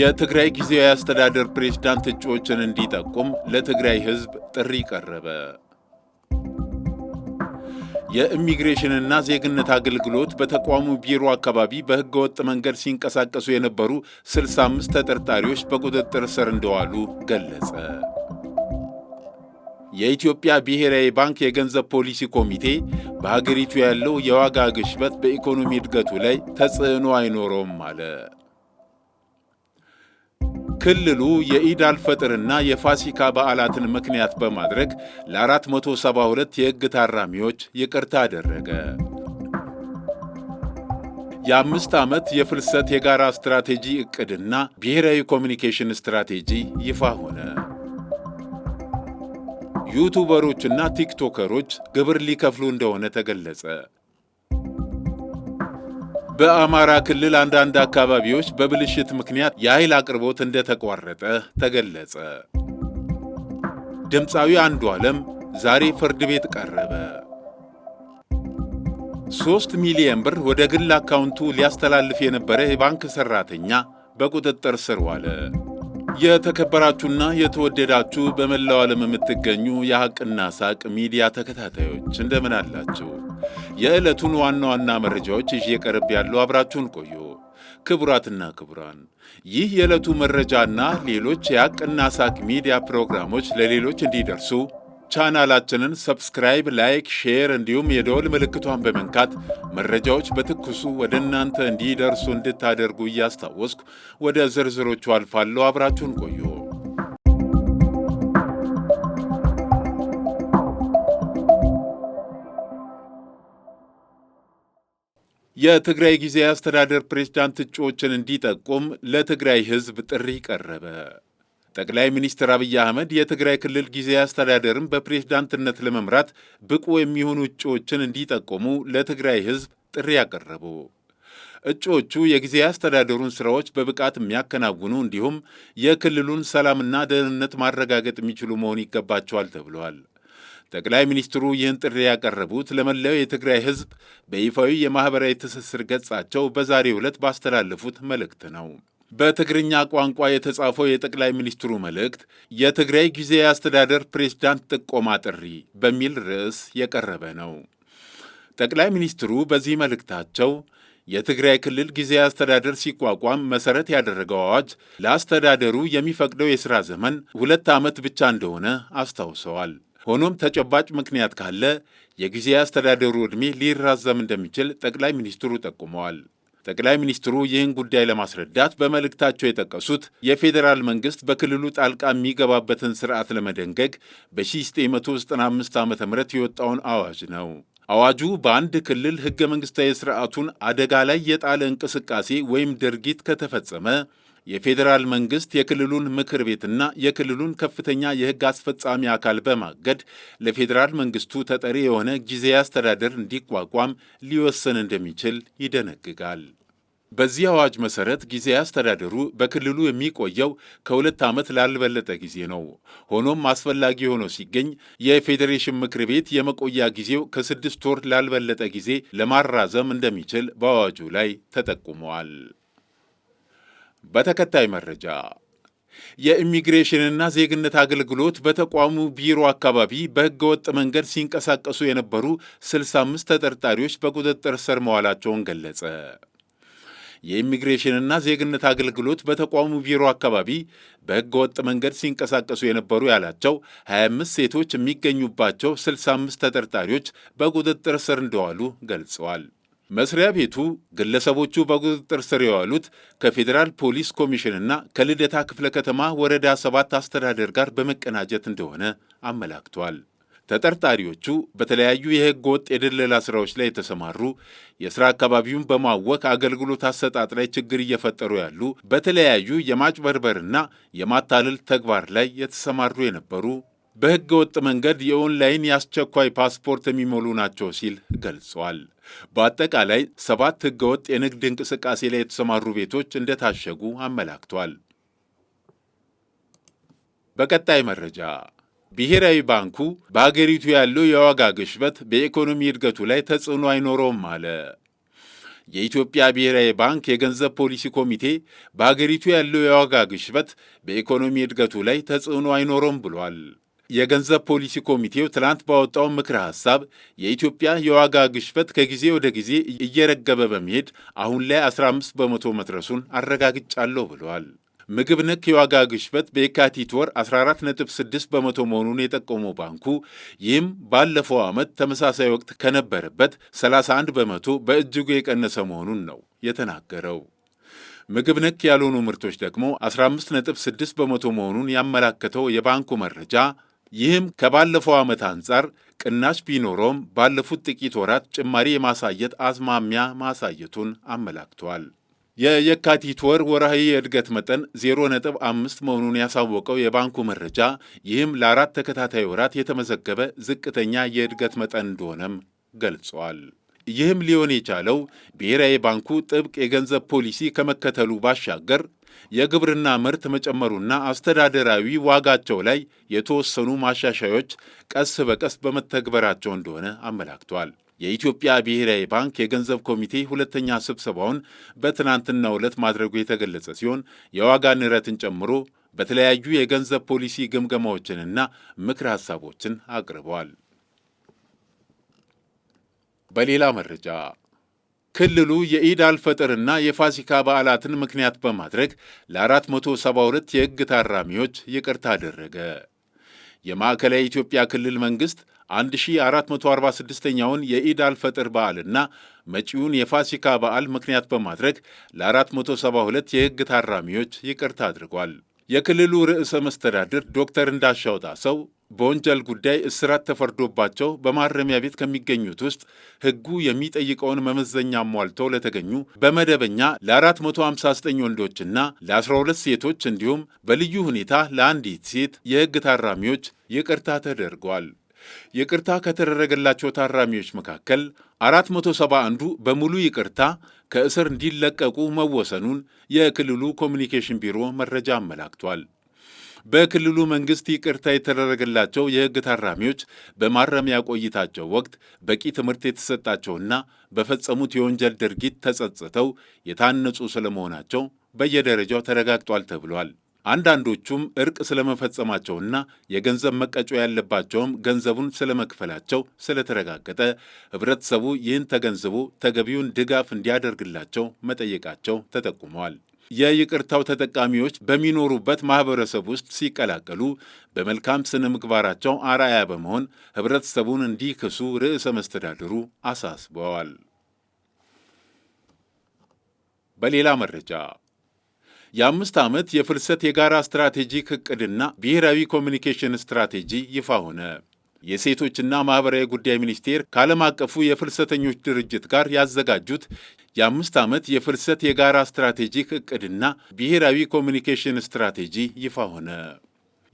የትግራይ ጊዜያዊ አስተዳደር ፕሬዝዳንት እጩዎችን እንዲጠቁም ለትግራይ ህዝብ ጥሪ ቀረበ። የኢሚግሬሽንና ዜግነት አገልግሎት በተቋሙ ቢሮ አካባቢ በህገወጥ መንገድ ሲንቀሳቀሱ የነበሩ 65 ተጠርጣሪዎች በቁጥጥር ስር እንደዋሉ ገለጸ። የኢትዮጵያ ብሔራዊ ባንክ የገንዘብ ፖሊሲ ኮሚቴ በሀገሪቱ ያለው የዋጋ ግሽበት በኢኮኖሚ እድገቱ ላይ ተጽዕኖ አይኖረውም አለ። ክልሉ የኢድ አልፈጥርና የፋሲካ በዓላትን ምክንያት በማድረግ ለ472 የሕግ ታራሚዎች ይቅርታ አደረገ። የአምስት ዓመት የፍልሰት የጋራ ስትራቴጂ ዕቅድና ብሔራዊ ኮሚኒኬሽን ስትራቴጂ ይፋ ሆነ። ዩቱበሮችና ቲክቶከሮች ግብር ሊከፍሉ እንደሆነ ተገለጸ። በአማራ ክልል አንዳንድ አካባቢዎች በብልሽት ምክንያት የኃይል አቅርቦት እንደተቋረጠ ተገለጸ። ድምፃዊ አንዱ ዓለም ዛሬ ፍርድ ቤት ቀረበ። ሦስት ሚሊየን ብር ወደ ግል አካውንቱ ሊያስተላልፍ የነበረ የባንክ ሠራተኛ በቁጥጥር ስር ዋለ። የተከበራችሁና የተወደዳችሁ በመላው ዓለም የምትገኙ የሐቅና ሳቅ ሚዲያ ተከታታዮች እንደምን አላችሁ? የዕለቱን ዋና ዋና መረጃዎች ይዤ የቀርብ ያለው አብራችሁን ቆዩ። ክቡራትና ክቡራን ይህ የዕለቱ መረጃና ሌሎች የአቅና ሳቅ ሚዲያ ፕሮግራሞች ለሌሎች እንዲደርሱ ቻናላችንን ሰብስክራይብ፣ ላይክ፣ ሼር እንዲሁም የደወል ምልክቷን በመንካት መረጃዎች በትኩሱ ወደ እናንተ እንዲደርሱ እንድታደርጉ እያስታወስኩ ወደ ዝርዝሮቹ አልፋለሁ። አብራችሁን ቆዩ። የትግራይ ጊዜያዊ አስተዳደር ፕሬዝዳንት እጩዎችን እንዲጠቁም ለትግራይ ህዝብ ጥሪ ቀረበ። ጠቅላይ ሚኒስትር አብይ አህመድ የትግራይ ክልል ጊዜያዊ አስተዳደርን በፕሬዝዳንትነት ለመምራት ብቁ የሚሆኑ እጩዎችን እንዲጠቁሙ ለትግራይ ህዝብ ጥሪ አቀረቡ። እጩዎቹ የጊዜያዊ አስተዳደሩን ስራዎች በብቃት የሚያከናውኑ እንዲሁም የክልሉን ሰላምና ደህንነት ማረጋገጥ የሚችሉ መሆን ይገባቸዋል ተብለዋል። ጠቅላይ ሚኒስትሩ ይህን ጥሪ ያቀረቡት ለመላው የትግራይ ህዝብ በይፋዊ የማኅበራዊ ትስስር ገጻቸው በዛሬው ዕለት ባስተላለፉት መልእክት ነው። በትግርኛ ቋንቋ የተጻፈው የጠቅላይ ሚኒስትሩ መልእክት የትግራይ ጊዜያዊ አስተዳደር ፕሬዝዳንት ጥቆማ ጥሪ በሚል ርዕስ የቀረበ ነው። ጠቅላይ ሚኒስትሩ በዚህ መልእክታቸው የትግራይ ክልል ጊዜያዊ አስተዳደር ሲቋቋም መሠረት ያደረገው አዋጅ ለአስተዳደሩ የሚፈቅደው የሥራ ዘመን ሁለት ዓመት ብቻ እንደሆነ አስታውሰዋል። ሆኖም ተጨባጭ ምክንያት ካለ የጊዜ አስተዳደሩ ዕድሜ ሊራዘም እንደሚችል ጠቅላይ ሚኒስትሩ ጠቁመዋል። ጠቅላይ ሚኒስትሩ ይህን ጉዳይ ለማስረዳት በመልእክታቸው የጠቀሱት የፌዴራል መንግስት በክልሉ ጣልቃ የሚገባበትን ስርዓት ለመደንገግ በ1995 ዓ ም የወጣውን አዋጅ ነው። አዋጁ በአንድ ክልል ህገ መንግሥታዊ ስርዓቱን አደጋ ላይ የጣለ እንቅስቃሴ ወይም ድርጊት ከተፈጸመ የፌዴራል መንግስት የክልሉን ምክር ቤትና የክልሉን ከፍተኛ የህግ አስፈጻሚ አካል በማገድ ለፌዴራል መንግስቱ ተጠሪ የሆነ ጊዜያዊ አስተዳደር እንዲቋቋም ሊወሰን እንደሚችል ይደነግጋል። በዚህ አዋጅ መሰረት ጊዜያዊ አስተዳደሩ በክልሉ የሚቆየው ከሁለት ዓመት ላልበለጠ ጊዜ ነው። ሆኖም አስፈላጊ ሆኖ ሲገኝ የፌዴሬሽን ምክር ቤት የመቆያ ጊዜው ከስድስት ወር ላልበለጠ ጊዜ ለማራዘም እንደሚችል በአዋጁ ላይ ተጠቁመዋል። በተከታይ መረጃ የኢሚግሬሽንና ዜግነት አገልግሎት በተቋሙ ቢሮ አካባቢ በህገወጥ መንገድ ሲንቀሳቀሱ የነበሩ 65 ተጠርጣሪዎች በቁጥጥር ስር መዋላቸውን ገለጸ። የኢሚግሬሽንና ዜግነት አገልግሎት በተቋሙ ቢሮ አካባቢ በህገወጥ መንገድ ሲንቀሳቀሱ የነበሩ ያላቸው 25 ሴቶች የሚገኙባቸው 65 ተጠርጣሪዎች በቁጥጥር ስር እንደዋሉ ገልጸዋል። መስሪያ ቤቱ ግለሰቦቹ በቁጥጥር ስር የዋሉት ከፌዴራል ፖሊስ ኮሚሽንና ከልደታ ክፍለ ከተማ ወረዳ ሰባት አስተዳደር ጋር በመቀናጀት እንደሆነ አመላክቷል። ተጠርጣሪዎቹ በተለያዩ የሕገ ወጥ የድለላ ስራዎች ላይ የተሰማሩ የሥራ አካባቢውን በማወክ አገልግሎት አሰጣጥ ላይ ችግር እየፈጠሩ ያሉ በተለያዩ የማጭበርበርና የማታለል ተግባር ላይ የተሰማሩ የነበሩ በሕገ ወጥ መንገድ የኦንላይን የአስቸኳይ ፓስፖርት የሚሞሉ ናቸው ሲል ገልጿል። በአጠቃላይ ሰባት ሕገ ወጥ የንግድ እንቅስቃሴ ላይ የተሰማሩ ቤቶች እንደታሸጉ አመላክቷል። በቀጣይ መረጃ ብሔራዊ ባንኩ በአገሪቱ ያለው የዋጋ ግሽበት በኢኮኖሚ እድገቱ ላይ ተጽዕኖ አይኖረውም አለ። የኢትዮጵያ ብሔራዊ ባንክ የገንዘብ ፖሊሲ ኮሚቴ በአገሪቱ ያለው የዋጋ ግሽበት በኢኮኖሚ እድገቱ ላይ ተጽዕኖ አይኖረውም ብሏል። የገንዘብ ፖሊሲ ኮሚቴው ትናንት ባወጣው ምክረ ሀሳብ የኢትዮጵያ የዋጋ ግሽበት ከጊዜ ወደ ጊዜ እየረገበ በመሄድ አሁን ላይ 15 በመቶ መድረሱን አረጋግጫለሁ ብለዋል። ምግብ ነክ የዋጋ ግሽበት በየካቲት ወር 14.6 በመቶ መሆኑን የጠቆመው ባንኩ ይህም ባለፈው ዓመት ተመሳሳይ ወቅት ከነበረበት 31 በመቶ በእጅጉ የቀነሰ መሆኑን ነው የተናገረው። ምግብ ነክ ያልሆኑ ምርቶች ደግሞ 15.6 በመቶ መሆኑን ያመላከተው የባንኩ መረጃ ይህም ከባለፈው ዓመት አንጻር ቅናሽ ቢኖረውም ባለፉት ጥቂት ወራት ጭማሪ የማሳየት አዝማሚያ ማሳየቱን አመላክተዋል። የየካቲት ወር ወርሃዊ የእድገት መጠን 0.5 መሆኑን ያሳወቀው የባንኩ መረጃ ይህም ለአራት ተከታታይ ወራት የተመዘገበ ዝቅተኛ የእድገት መጠን እንደሆነም ገልጸዋል። ይህም ሊሆን የቻለው ብሔራዊ ባንኩ ጥብቅ የገንዘብ ፖሊሲ ከመከተሉ ባሻገር የግብርና ምርት መጨመሩና አስተዳደራዊ ዋጋቸው ላይ የተወሰኑ ማሻሻዮች ቀስ በቀስ በመተግበራቸው እንደሆነ አመላክቷል። የኢትዮጵያ ብሔራዊ ባንክ የገንዘብ ኮሚቴ ሁለተኛ ስብሰባውን በትናንትናው ዕለት ማድረጉ የተገለጸ ሲሆን የዋጋ ንረትን ጨምሮ በተለያዩ የገንዘብ ፖሊሲ ግምገማዎችንና ምክር ሐሳቦችን አቅርበዋል። በሌላ መረጃ ክልሉ የኢድ አልፈጥርና የፋሲካ በዓላትን ምክንያት በማድረግ ለ472 የሕግ ታራሚዎች ይቅርታ አደረገ። የማዕከላዊ ኢትዮጵያ ክልል መንግሥት 1446ኛውን የኢድ አልፈጥር በዓልና መጪውን የፋሲካ በዓል ምክንያት በማድረግ ለ472 የሕግ ታራሚዎች ይቅርታ አድርጓል። የክልሉ ርዕሰ መስተዳድር ዶክተር እንዳሻው ጣሰው በወንጀል ጉዳይ እስራት ተፈርዶባቸው በማረሚያ ቤት ከሚገኙት ውስጥ ሕጉ የሚጠይቀውን መመዘኛ ሟልተው ለተገኙ በመደበኛ ለ459 ወንዶችና ለ12 ሴቶች እንዲሁም በልዩ ሁኔታ ለአንዲት ሴት የሕግ ታራሚዎች ይቅርታ ተደርጓል። ይቅርታ ከተደረገላቸው ታራሚዎች መካከል አራት ሰባ አንዱ በሙሉ ይቅርታ ከእስር እንዲለቀቁ መወሰኑን የክልሉ ኮሚኒኬሽን ቢሮ መረጃ አመላክቷል። በክልሉ መንግስት ይቅርታ የተደረገላቸው የሕግ ታራሚዎች በማረሚያ ቆይታቸው ወቅት በቂ ትምህርት የተሰጣቸውና በፈጸሙት የወንጀል ድርጊት ተጸጽተው የታነጹ ስለመሆናቸው በየደረጃው ተረጋግጧል ተብሏል። አንዳንዶቹም እርቅ ስለመፈጸማቸውና የገንዘብ መቀጮ ያለባቸውም ገንዘቡን ስለመክፈላቸው ስለተረጋገጠ ህብረተሰቡ ይህን ተገንዝቦ ተገቢውን ድጋፍ እንዲያደርግላቸው መጠየቃቸው ተጠቁመዋል። የይቅርታው ተጠቃሚዎች በሚኖሩበት ማህበረሰብ ውስጥ ሲቀላቀሉ በመልካም ስነ ምግባራቸው አራያ በመሆን ህብረተሰቡን እንዲክሱ ርዕሰ መስተዳድሩ አሳስበዋል። በሌላ መረጃ የአምስት ዓመት የፍልሰት የጋራ ስትራቴጂክ እቅድና ብሔራዊ ኮሚኒኬሽን ስትራቴጂ ይፋ ሆነ። የሴቶችና ማኅበራዊ ጉዳይ ሚኒስቴር ከዓለም አቀፉ የፍልሰተኞች ድርጅት ጋር ያዘጋጁት የአምስት ዓመት የፍልሰት የጋራ ስትራቴጂክ እቅድና ብሔራዊ ኮሚኒኬሽን ስትራቴጂ ይፋ ሆነ።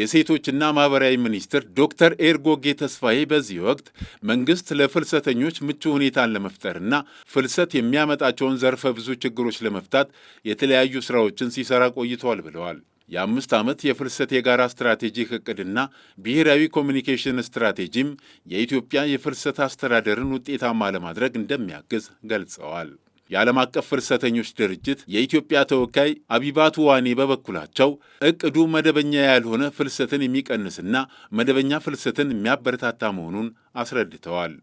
የሴቶችና ማህበራዊ ሚኒስትር ዶክተር ኤርጎጌ ተስፋዬ በዚህ ወቅት መንግስት ለፍልሰተኞች ምቹ ሁኔታን ለመፍጠርና ፍልሰት የሚያመጣቸውን ዘርፈ ብዙ ችግሮች ለመፍታት የተለያዩ ስራዎችን ሲሰራ ቆይተዋል ብለዋል። የአምስት ዓመት የፍልሰት የጋራ ስትራቴጂክ እቅድና ብሔራዊ ኮሚኒኬሽን ስትራቴጂም የኢትዮጵያ የፍልሰት አስተዳደርን ውጤታማ ለማድረግ እንደሚያግዝ ገልጸዋል። የዓለም አቀፍ ፍልሰተኞች ድርጅት የኢትዮጵያ ተወካይ አቢባቱ ዋኔ በበኩላቸው እቅዱ መደበኛ ያልሆነ ፍልሰትን የሚቀንስና መደበኛ ፍልሰትን የሚያበረታታ መሆኑን አስረድተዋል።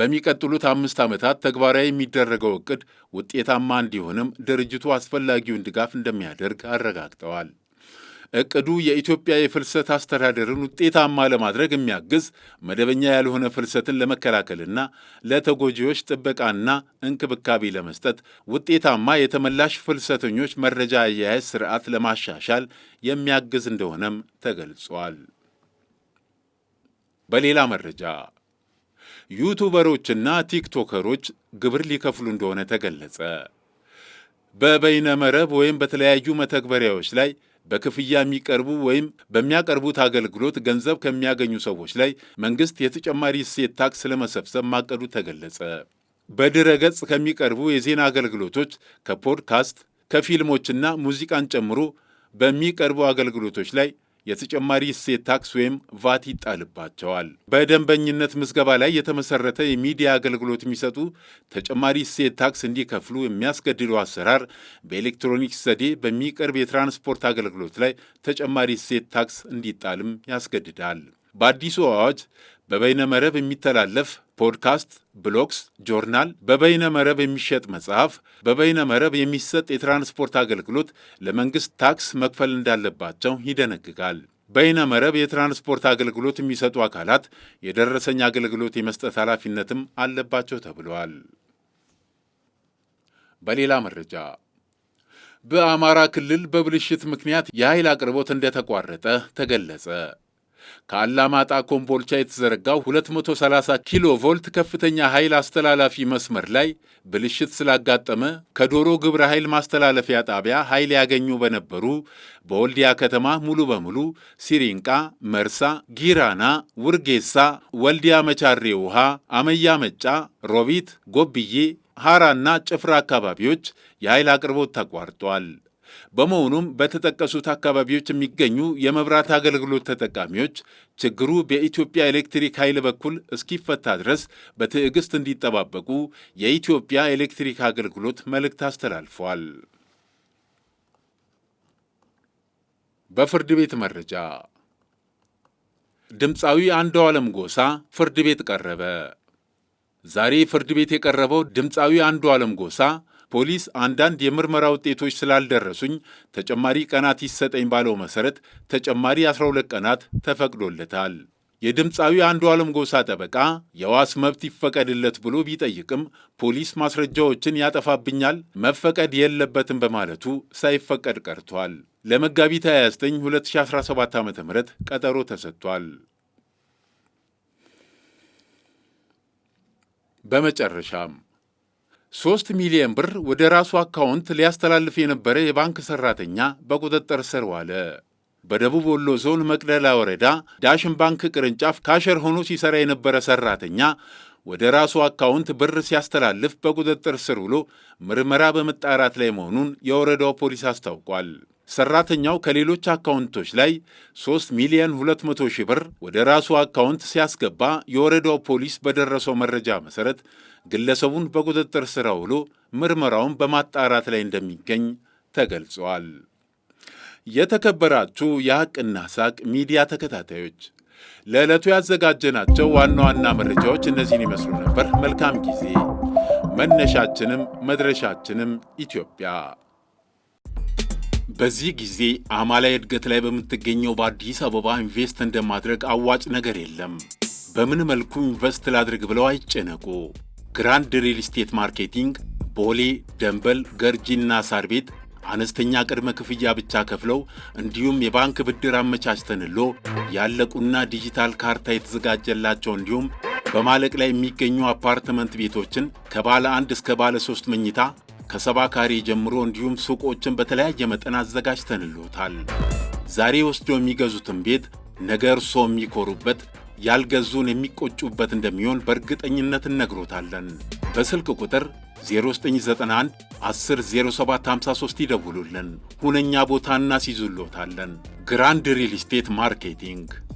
በሚቀጥሉት አምስት ዓመታት ተግባራዊ የሚደረገው እቅድ ውጤታማ እንዲሆንም ድርጅቱ አስፈላጊውን ድጋፍ እንደሚያደርግ አረጋግጠዋል። እቅዱ የኢትዮጵያ የፍልሰት አስተዳደርን ውጤታማ ለማድረግ የሚያግዝ መደበኛ ያልሆነ ፍልሰትን ለመከላከልና ለተጎጂዎች ጥበቃና እንክብካቤ ለመስጠት ውጤታማ የተመላሽ ፍልሰተኞች መረጃ አያያዝ ስርዓት ለማሻሻል የሚያግዝ እንደሆነም ተገልጿል። በሌላ መረጃ ዩቱበሮችና ቲክቶከሮች ግብር ሊከፍሉ እንደሆነ ተገለጸ። በበይነመረብ ወይም በተለያዩ መተግበሪያዎች ላይ በክፍያ የሚቀርቡ ወይም በሚያቀርቡት አገልግሎት ገንዘብ ከሚያገኙ ሰዎች ላይ መንግስት የተጨማሪ እሴት ታክስ ለመሰብሰብ ማቀዱ ተገለጸ። በድረ ገጽ ከሚቀርቡ የዜና አገልግሎቶች ከፖድካስት ከፊልሞችና ሙዚቃን ጨምሮ በሚቀርቡ አገልግሎቶች ላይ የተጨማሪ እሴት ታክስ ወይም ቫት ይጣልባቸዋል። በደንበኝነት ምዝገባ ላይ የተመሰረተ የሚዲያ አገልግሎት የሚሰጡ ተጨማሪ እሴት ታክስ እንዲከፍሉ የሚያስገድደው አሰራር በኤሌክትሮኒክስ ዘዴ በሚቀርብ የትራንስፖርት አገልግሎት ላይ ተጨማሪ እሴት ታክስ እንዲጣልም ያስገድዳል። በአዲሱ አዋጅ በበይነ መረብ የሚተላለፍ ፖድካስት፣ ብሎግስ፣ ጆርናል፣ በበይነ መረብ የሚሸጥ መጽሐፍ፣ በበይነ መረብ የሚሰጥ የትራንስፖርት አገልግሎት ለመንግሥት ታክስ መክፈል እንዳለባቸው ይደነግጋል። በይነ መረብ የትራንስፖርት አገልግሎት የሚሰጡ አካላት የደረሰኝ አገልግሎት የመስጠት ኃላፊነትም አለባቸው ተብሏል። በሌላ መረጃ በአማራ ክልል በብልሽት ምክንያት የኃይል አቅርቦት እንደተቋረጠ ተገለጸ። ከአላማጣ ኮምቦልቻ የተዘረጋው 230 ኪሎ ቮልት ከፍተኛ ኃይል አስተላላፊ መስመር ላይ ብልሽት ስላጋጠመ ከዶሮ ግብረ ኃይል ማስተላለፊያ ጣቢያ ኃይል ያገኙ በነበሩ በወልዲያ ከተማ ሙሉ በሙሉ ሲሪንቃ፣ መርሳ፣ ጊራና፣ ውርጌሳ፣ ወልዲያ፣ መቻሬ ውሃ፣ አመያ መጫ፣ ሮቢት፣ ጎብዬ፣ ሐራና ጭፍራ አካባቢዎች የኃይል አቅርቦት ተቋርጧል። በመሆኑም በተጠቀሱት አካባቢዎች የሚገኙ የመብራት አገልግሎት ተጠቃሚዎች ችግሩ በኢትዮጵያ ኤሌክትሪክ ኃይል በኩል እስኪፈታ ድረስ በትዕግስት እንዲጠባበቁ የኢትዮጵያ ኤሌክትሪክ አገልግሎት መልእክት አስተላልፏል። በፍርድ ቤት መረጃ ድምፃዊ አንዱ ዓለም ጎሳ ፍርድ ቤት ቀረበ። ዛሬ ፍርድ ቤት የቀረበው ድምፃዊ አንዱ ዓለም ጎሳ ፖሊስ አንዳንድ የምርመራ ውጤቶች ስላልደረሱኝ ተጨማሪ ቀናት ይሰጠኝ ባለው መሰረት ተጨማሪ 12 ቀናት ተፈቅዶለታል። የድምፃዊ አንዱ ዓለም ጎሳ ጠበቃ የዋስ መብት ይፈቀድለት ብሎ ቢጠይቅም ፖሊስ ማስረጃዎችን ያጠፋብኛል፣ መፈቀድ የለበትም በማለቱ ሳይፈቀድ ቀርቷል። ለመጋቢት 29 2017 ዓ ም ቀጠሮ ተሰጥቷል። በመጨረሻም ሶስት ሚሊየን ብር ወደ ራሱ አካውንት ሊያስተላልፍ የነበረ የባንክ ሰራተኛ በቁጥጥር ስር ዋለ። በደቡብ ወሎ ዞን መቅደላ ወረዳ ዳሽን ባንክ ቅርንጫፍ ካሸር ሆኖ ሲሰራ የነበረ ሰራተኛ ወደ ራሱ አካውንት ብር ሲያስተላልፍ በቁጥጥር ስር ውሎ ምርመራ በመጣራት ላይ መሆኑን የወረዳው ፖሊስ አስታውቋል። ሰራተኛው ከሌሎች አካውንቶች ላይ 3 ሚሊዮን 200 ሺህ ብር ወደ ራሱ አካውንት ሲያስገባ የወረዳው ፖሊስ በደረሰው መረጃ መሠረት ግለሰቡን በቁጥጥር ስር አውሎ ምርመራውን በማጣራት ላይ እንደሚገኝ ተገልጿል። የተከበራችሁ የሐቅና ሳቅ ሚዲያ ተከታታዮች ለዕለቱ ያዘጋጀናቸው ዋና ዋና መረጃዎች እነዚህን ይመስሉ ነበር። መልካም ጊዜ። መነሻችንም መድረሻችንም ኢትዮጵያ። በዚህ ጊዜ አማላይ እድገት ላይ በምትገኘው በአዲስ አበባ ኢንቨስት እንደማድረግ አዋጭ ነገር የለም። በምን መልኩ ኢንቨስት ላድርግ ብለው አይጨነቁ። ግራንድ ሪል ስቴት ማርኬቲንግ ቦሌ፣ ደንበል፣ ገርጂና ሳር ቤት አነስተኛ ቅድመ ክፍያ ብቻ ከፍለው እንዲሁም የባንክ ብድር አመቻችተንሎ ያለቁና ዲጂታል ካርታ የተዘጋጀላቸው እንዲሁም በማለቅ ላይ የሚገኙ አፓርትመንት ቤቶችን ከባለ አንድ እስከ ባለ ሶስት መኝታ ከሰባ ካሬ ጀምሮ እንዲሁም ሱቆችን በተለያየ መጠን አዘጋጅተንሎታል። ዛሬ ወስደው የሚገዙትን ቤት ነገ እርስዎ የሚኮሩበት ያልገዙን የሚቆጩበት እንደሚሆን በእርግጠኝነት እነግሮታለን። በስልክ ቁጥር 0991 10 0753 ይደውሉልን። ሁነኛ ቦታ እናስይዙልዎታለን። ግራንድ ሪል ስቴት ማርኬቲንግ